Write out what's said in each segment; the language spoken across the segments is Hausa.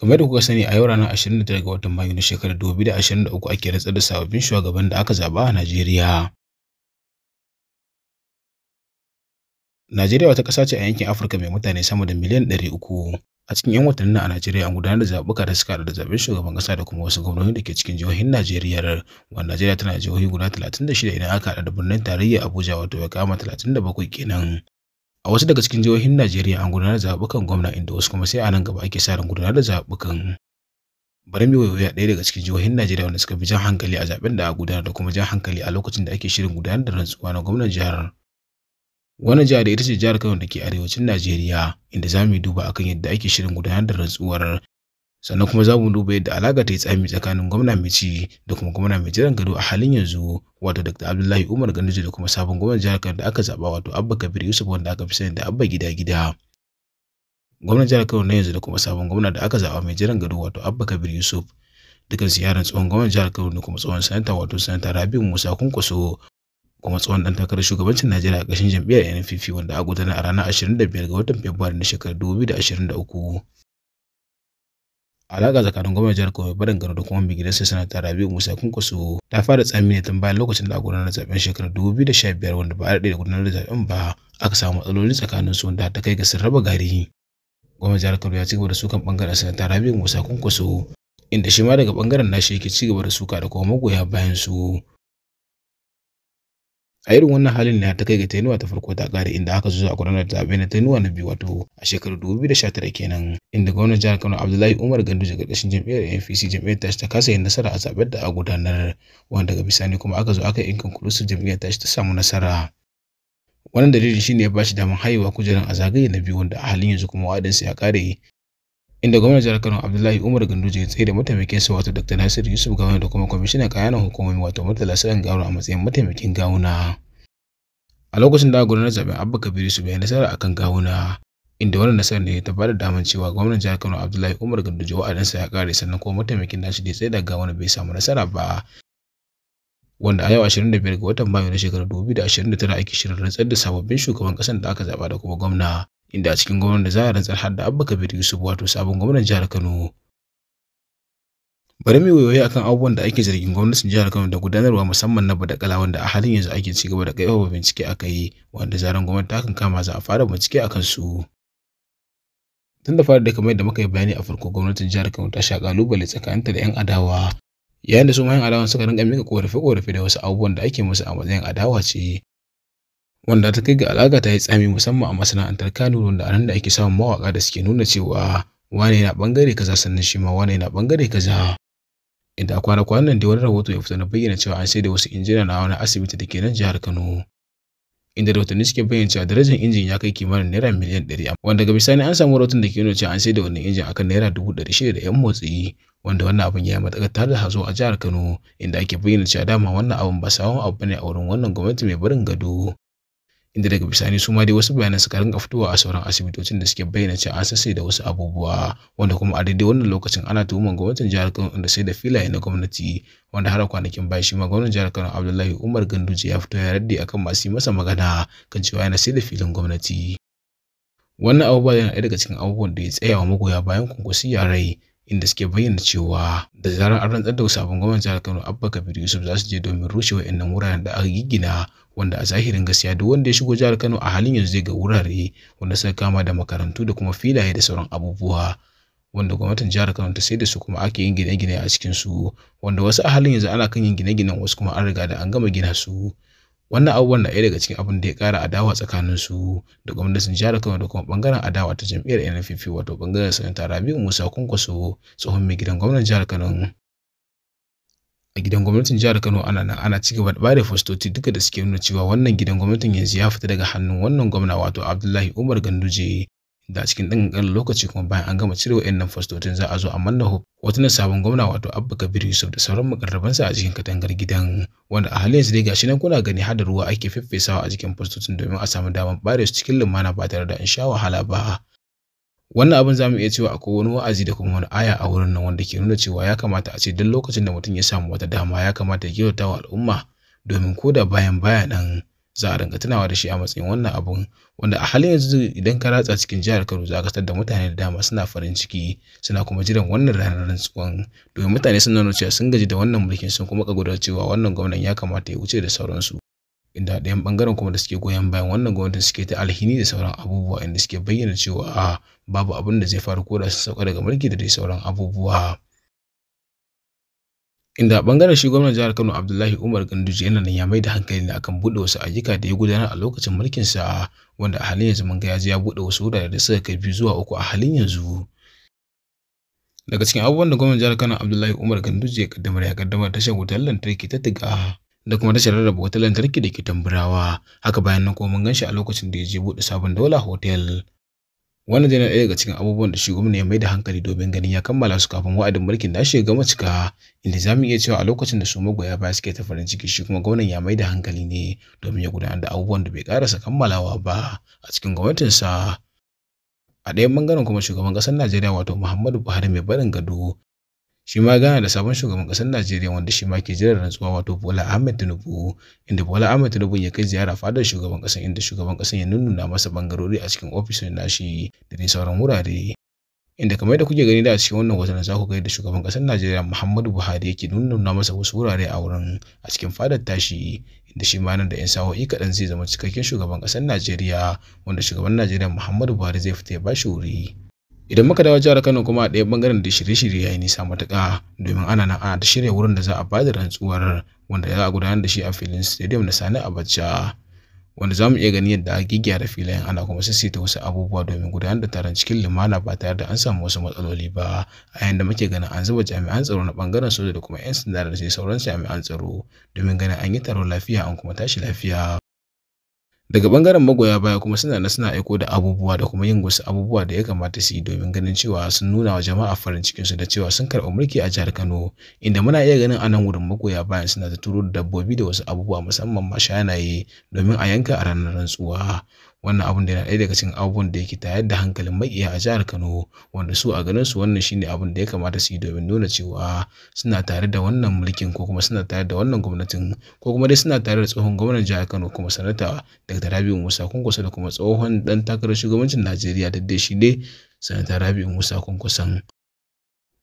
Kamar da kuka sani a yau ranar 29 ga watan Mayu na shekarar 2023 ake rantsar da sababbin shugaban da aka zaba a Najeriya. Najeriya wata ƙasa ce a yankin Afirka mai mutane sama da miliyan uku. A cikin 'yan watannin a Najeriya an gudanar da zaɓuka da suka da zaɓen shugaban ƙasa da kuma wasu gwamnoni da ke cikin jihohin Najeriya. Wanda Najeriya tana jihohi guda 36 idan aka haɗa da birnin tarayya Abuja wato ya kama 37 kenan. a wasu daga cikin jihohin Najeriya an gudanar da zabukan gwamna inda wasu kuma sai a nan gaba ake sa ran gudanar da zabukan bari mu waiwaya ɗaya daga cikin jihohin Najeriya wanda suka fi jan hankali a zaben da a gudanar da kuma jan hankali a lokacin da ake shirin gudanar da rantsuwa na gwamnan jihar. Wannan jihar da ita ce jihar Kano da ke arewacin Najeriya inda za mu duba akan yadda ake shirin gudanar da rantsuwar sannan kuma za mu duba yadda alaƙa ta yi tsami tsakanin gwamna mai ci da kuma gwamna mai jiran gado a halin yanzu wato dr abdullahi umar ganduje da kuma sabon gwamnan jihar kano da aka zaɓa wato abba kabir yusuf wanda aka fi sani da abba gida gida gwamnan jihar kano na yanzu da kuma sabon gwamna da aka zaɓa mai jiran gado wato abba kabir yusuf dukan ziyarar tsohon gwamnan jihar kano da kuma tsohon sanata wato sanata Rabi musa kunkuso kuma tsohon dan takarar shugabancin najeriya a ƙarshen jam'iyyar npp wanda a gudanar a ranar 25 ga watan fabrairu na shekarar 2023 Alaƙa tsakanin gwamnati jihar Kano barin gano da kuma mai gidansa Sanata Rabi'u Musa Kwankwaso ta fara tsami ne tun bayan lokacin da a gudanar da zaben shekarar biyar wanda ba a daɗe da gudanar da zaben ba aka samu matsaloli tsakanin su wanda ta kai ga sun raba gari. Gwamnati jihar Kano ya ci gaba da sukan bangaren Sanata Rabi'u Musa Kwankwaso inda shi ma daga bangaren nashi yake ci gaba da suka da kuma magoya bayan su. a irin wannan halin ne ta kai ga tainuwa ta farko ta kare inda aka zo a gudanar da zaɓe na tainuwa na biyu wato a shekarar 2019 kenan inda gwamnan jihar Kano Abdullahi Umar gandu daga ƙarshen jam'iyyar APC jam'iyyar tashi ta kasa yin nasara a zaɓen da a gudanar wanda daga bisani kuma aka zo aka yi inkan kulusu jam'iyyar tashi ta samu nasara. wannan dalilin shine ya bashi damar haihuwa kujerar a zagaye na biyu wanda a halin yanzu kuma waɗansu ya kare inda gwamnan jihar Kano Abdullahi Umar Ganduje ya tsaye da mataimakin sa wato Dr. Nasir Yusuf Gawuna da kuma kwamishinan kayanan hukumomi wato Murtala Sadan Gawuna a matsayin mataimakin Gawuna. A lokacin da gudanar zaben Abba Kabiru su bai nasara akan Gawuna inda wannan nasarar ne ta bada daman cewa gwamnan jihar Kano Abdullahi Umar Ganduje wa'adansa ya kare sannan kuma mataimakin nashi da tsaye da Gawuna bai samu nasara ba. Wanda a yau 25 ga watan Mayu na shekarar 2029 ake shirin rantsar da sababbin shugaban ƙasar da aka zaba da kuma gwamna. inda a cikin gwamnan da za a rantsar har da Abba Kabir Yusuf wato sabon gwamnan jihar Kano. Bari mu wayoyi akan abubuwan da ake zargin gwamnatin jihar Kano da gudanarwa musamman na badakala wanda a halin yanzu ake ci gaba da kaiwa bincike akai yi wanda zaran gwamnati ta kan kama za a fara bincike akan su. Tun da fara da kamar yadda muka yi bayani a farko gwamnatin jihar Kano ta sha kalubale tsakaninta da 'yan adawa yayin da su yan adawa suka rinka mika korafe-korafe da wasu abubuwan da ake musu a matsayin adawa ce wanda ta kai ga alaka ta yi tsami musamman a masana'antar Kano wanda anan nan da ake samun mawaka da suke nuna cewa wane na ɓangare kaza sannan shi ma wane na ɓangare kaza. Inda a kwana-kwanan nan da wani rahoto ya fita na bayyana cewa an da wasu injina na wani asibiti da ke nan jihar Kano. Inda rahotanni suke bayyana cewa darajar injin ya kai kimanin naira miliyan ɗari wanda ga bisani an samu rahoton da ke nuna cewa an da wannan injin akan naira dubu ɗari shida da ‘yan motsi wanda wannan abin ya yi matuƙar tare da hazo a jihar Kano inda ake bayyana cewa dama wannan abin ba sabon abu ne a wurin wannan gwamnati mai barin gado. inda daga bisani su ma dai wasu bayanan suka rinka fitowa a sauran asibitocin da suke bayyana cewa an sassai da wasu abubuwa wanda kuma a daidai wannan lokacin ana tuhuman gwamnatin jihar Kano inda sai da filaye na gwamnati wanda har kwanakin baya shi ma gwamnatin jihar Kano Abdullahi Umar Ganduje ya fito ya raddi akan masu yi masa magana kan cewa yana sai da filin gwamnati wannan abubuwa yana ɗaya daga cikin abubuwan da ya tsaya wa magoya bayan kunkusi rai. inda suke bayyana cewa da zarar an rantsar da sabon gwamnan jihar Kano Abba Kabir Yusuf za su je domin rushe wayannan wuraren da aka gina, wanda a zahirin gaskiya duk wanda ya shigo jihar Kano a halin yanzu zai ga wurare wanda suka kama da makarantu da kuma filaye da sauran abubuwa wanda gwamnatin jihar Kano ta sai da su kuma ake yin gine-gine a cikin su wanda wasu a halin yanzu ana kan yin gine-ginen wasu kuma an riga da an gama gina su wannan abubuwan na ɗaya daga cikin abin da ya ƙara adawa tsakanin su da gwamnatin jihar Kano da kuma bangaren adawa ta jam'iyyar NFP wato bangaren sanata Rabiu Musa Kwankwaso tsohon mai gidan gwamnan jihar Kano a gidan gwamnatin jihar Kano ana nan ana ci gaba da bada fostoci duka da suke nuna cewa wannan gidan gwamnatin yanzu ya fita daga hannun wannan gwamna wato Abdullahi Umar Ganduje da cikin ɗan ƙanƙanin lokaci kuma bayan an gama cire nan fastocin za a zo a manna na sabon gwamna wato abba kabir yusuf da sauran makarrabansa a cikin katangar gidan wanda a halin yanzu dai gashi nan kuna gani hada ruwa ake feffesawa a cikin fastotin domin a samu damar bare su cikin lumana ba tare da in sha wahala ba wannan abin za mu iya cewa akwai wani wa'azi da kuma wani aya a wurin nan wanda ke nuna cewa ya kamata a ce duk lokacin da mutum ya samu wata dama ya kamata ya kyautata wa al'umma domin ko da bayan baya nan za a rinka tunawa da shi a matsayin wannan abun wanda a halin yanzu idan ka ratsa cikin jihar Kano za ka tar da mutane da dama suna farin ciki suna kuma jiran wannan ranar rantsuwan domin mutane sun nuna cewa sun gaji da wannan mulkin sun kuma kagudar cewa wannan gwamnan ya kamata ya wuce da sauransu inda ɗayan ɓangaren kuma da suke goyon bayan wannan gwamnatin suke ta alhini da sauran abubuwa inda suke bayyana cewa a babu abin da zai faru ko da sun sauka daga mulki da dai sauran abubuwa inda bangaren shi gwamnan jihar Kano Abdullahi Umar Ganduje yana nan ya maida da hankali ne akan buɗe wasu ayyuka da ya gudanar a lokacin mulkin sa wanda a halin yanzu mun ga ya je ya buɗe wasu wurare da suka kai biyu zuwa uku a halin yanzu daga cikin abubuwan da gwamnan jihar Kano Abdullahi Umar Ganduje ya kaddamar ya kaddamar tashar wutar lantarki ta Tiga da kuma tashar rarraba wutar lantarki da ke Tamburawa haka bayan nan kuma mun gan shi a lokacin da ya je buɗe sabon dola Hotel wannan dai na ɗaya daga cikin abubuwan da shi gwamna ya mai da hankali domin ganin ya kammala su kafin wa'adin mulkin da shi gama cika inda za mu iya cewa a lokacin da su magoya baya suke ta ciki shi kuma gwamnan ya mai da hankali ne domin ya gudanar da abubuwan da bai karasa kammalawa ba a cikin gwamnatinsa a ɗayan bangaren kuma shugaban ƙasar najeriya wato muhammadu buhari mai barin gado shi ma gana da sabon shugaban kasar Najeriya wanda shi ma ke jiran rantsuwa wato Bola Ahmed Tinubu inda Bola Ahmed Tinubu ya kai ziyara fadar shugaban kasar inda shugaban kasar ya nuna masa bangarori a cikin ofishin nashi da dai sauran wurare inda kamar da kuke gani da a cikin wannan hoton za ku ga yadda shugaban kasar Najeriya Muhammadu Buhari yake nuna masa wasu wurare a wurin a cikin fadar tashi inda shi ma nan da 'yan sa'o'i kaɗan zai zama cikakken shugaban ƙasar Najeriya wanda shugaban Najeriya Muhammadu Buhari zai fita ya ba shi wuri. idan muka dawo jihar kano kuma a ɗaya bangaren da shirye-shirye ya yi nisa matuƙa domin ana nan ana ta shirya wurin da za a bada rantsuwar wanda za a gudanar da shi a filin stadium na sani abacha wanda za mu iya gani yadda gigiya da filayen ana kuma sassaita wasu abubuwa domin gudanar da taron cikin limana ba tare da an samu wasu matsaloli ba a yayin da muke ganin an zuba jami'an tsaro na bangaren soja da kuma 'yan sanda da sauran jami'an tsaro domin ganin an yi taron lafiya an kuma tashi lafiya daga bangaren magoya baya kuma suna na suna aiko da abubuwa da kuma yin wasu abubuwa da ya kamata su yi domin ganin cewa sun nuna wa jama'a farin cikin su da cewa sun karɓi mulki a jihar Kano inda muna iya ganin anan wurin magoya bayan suna da turo da dabbobi da wasu abubuwa musamman ma shanaye domin a yanka a ranar rantsuwa wannan abun da yana ɗaya daga cikin abubuwan da yake tayar da hankalin maƙiya a jihar Kano wanda su a ganin su wannan shine abun da ya kamata su yi domin nuna cewa suna tare da wannan mulkin ko kuma suna tare da wannan gwamnatin ko kuma dai suna tare da tsohon gwamnan jihar Kano kuma sanata Dr. Rabiu Musa Kwankwaso da kuma tsohon dan takarar shugabancin Najeriya da dai shi ne sanata Rabiu Musa Kwankwason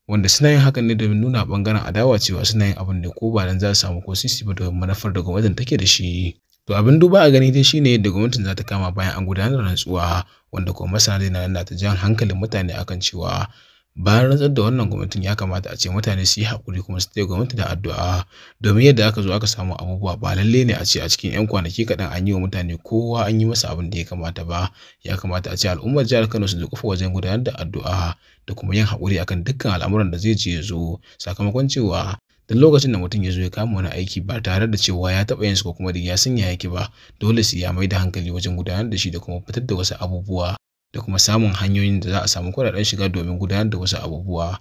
wanda suna yin hakan ne domin nuna bangaren adawa cewa suna yin abin da ko ba nan za su samu ko sisi ba domin manufar da gwamnatin take da shi To abin duba a gani dai shine yadda gwamnatin za ta kama bayan an gudanar da rantsuwa wanda kuma masana nan na ta jan hankalin mutane akan cewa bayan rantsar da wannan gwamnatin ya kamata a ce mutane su yi haƙuri kuma su taya gwamnati da addu'a domin yadda aka zo aka samu abubuwa ba lalle ne a ce a cikin 'yan kwanaki kaɗan an yi wa mutane kowa an yi masa abin da ya kamata ba ya kamata a ce al'ummar jihar kano su dukufa wajen gudanar da addu'a da kuma yin haƙuri akan dukkan al'amuran da zai je zo sakamakon cewa Don lokacin da mutum ya zo ya kama wani aiki ba tare da cewa ya taɓa yin ko kuma da ya sanya ya yake ba dole sai ya mai da hankali wajen gudanar da shi da kuma fitar da wasu abubuwa da kuma samun hanyoyin da za a samu kuɗaɗen shiga domin gudanar da wasu abubuwa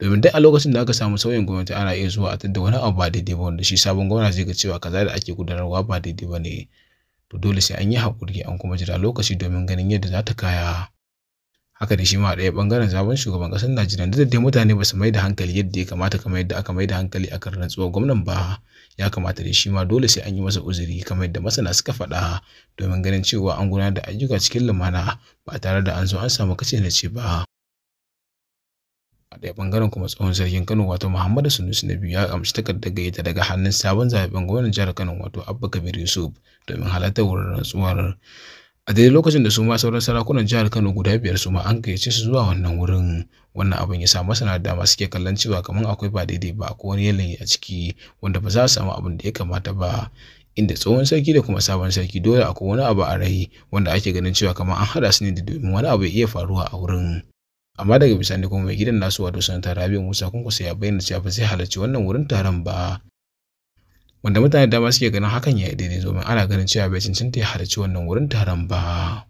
domin duk a lokacin da aka samu sauyin gwamnati ana iya zuwa a tadda wani abu ba daidai ba wanda shi sabon gwamna zai ga cewa kaza da ake gudanarwa ba daidai ba ne to dole sai an yi haƙuri an kuma jira lokaci domin ganin yadda za ta kaya haka da shi ma ɗaya ɓangaren sabon shugaban ƙasar Najeriya da dai mutane ba su mai da hankali yadda ya kamata kamar yadda aka mai da hankali akan rantsuwar gwamnan ba ya kamata da shi ma dole sai an yi masa uzuri kamar yadda masana suka faɗa domin ganin cewa an gudanar da ayyuka cikin lumana ba tare da an zo an samu kace na ce ba a ɗaya ɓangaren kuma tsohon sarkin Kano wato Muhammadu sunusu na biyu ya amshi takardar gayyata daga hannun sabon zaben gwamnan jihar Kano wato Abba Kabir Yusuf domin halartar wurin rantsuwar a daidai lokacin da su ma sauran sarakunan jihar kano guda biyar su ma an gayyace su zuwa wannan wurin wannan abin ya sa masana da dama suke kallon cewa kamar akwai ba daidai ba ko wani yanayi a ciki wanda ba za su samu abin da ya kamata ba inda tsohon sarki da kuma sabon sarki dole akwai wani abu a rai wanda ake ganin cewa kamar an hada su ne da domin wani abu ya iya faruwa a wurin amma daga bisani kuma mai gidan nasu wato sanata rabi musa kunkusa ya bayyana cewa ba zai halarci wannan wurin taron ba wanda mutane da dama suke ganin hakan ya yi daidai domin ana ganin cewa bai cancanta ya halarci wannan wurin taron ba